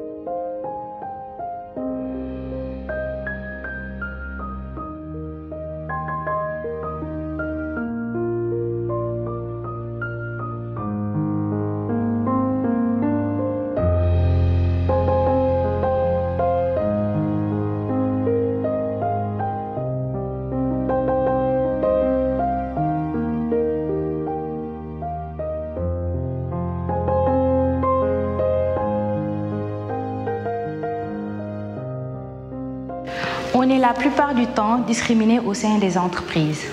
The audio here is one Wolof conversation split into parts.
Thank you. on est la plupart du temps discriminés au sein des entreprises.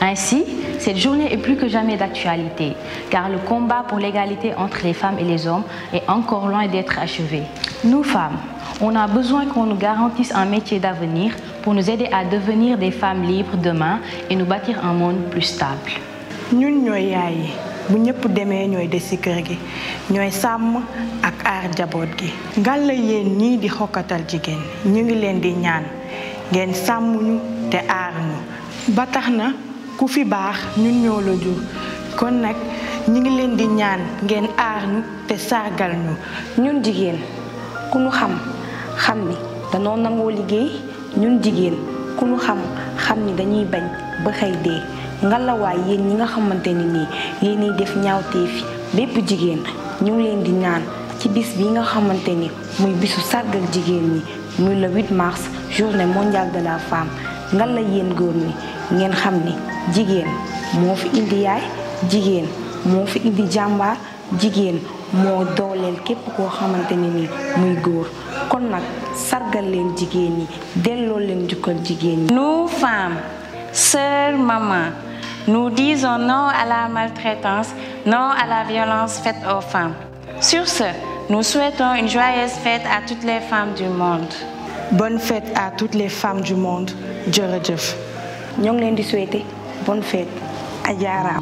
Ainsi, cette journée est plus que jamais d'actualité, car le combat pour l'égalité entre les femmes et les hommes est encore loin d'être achevé. Nous, femmes, on a besoin qu'on nous garantisse un métier d'avenir pour nous aider à devenir des femmes libres demain et nous bâtir un monde plus stable. Nous, nous, bu les femmes, nous sommes les femmes, ak gi ngalla hommes. ngeen sàmm ñu te aar ñu ba tax na ku fi baax ñun ñoo la kon nag ñu ngi leen di ñaan ngeen aar ñu te sargal ñu ñun jigéen ku ñu xam xam ni nangoo liggéey ñun jigéen ku ni dañuy bañ ba xëy dee ngalawaay yéen ñi nga xamante ni nii yéeniy def ñaawteefi lépp jigéen ñu leen di ñaan ci bis bi nga xamante ni muy bisu sargal jigéen ñi muy le 8 mars journée mondiale de la femme ngan la yéen góor ñi ngeen xam ni jigéen fi indi yaay jigen mo fi indi jàmbaar jigen mo dolel kep ko xamanteni ni muy goor kon nak sargal len jigen ni delloo len jukkal jigen ñi. nous femmes sœurs maman nous disons non à la maltraitance non à la violence faite aux femmes sur ce nous souhaitons une joyeuse fête à toutes les femmes du monde bonne fête à toutes les femmes du monde Dieu Nous Nous souhaitons bonne fête à Yara.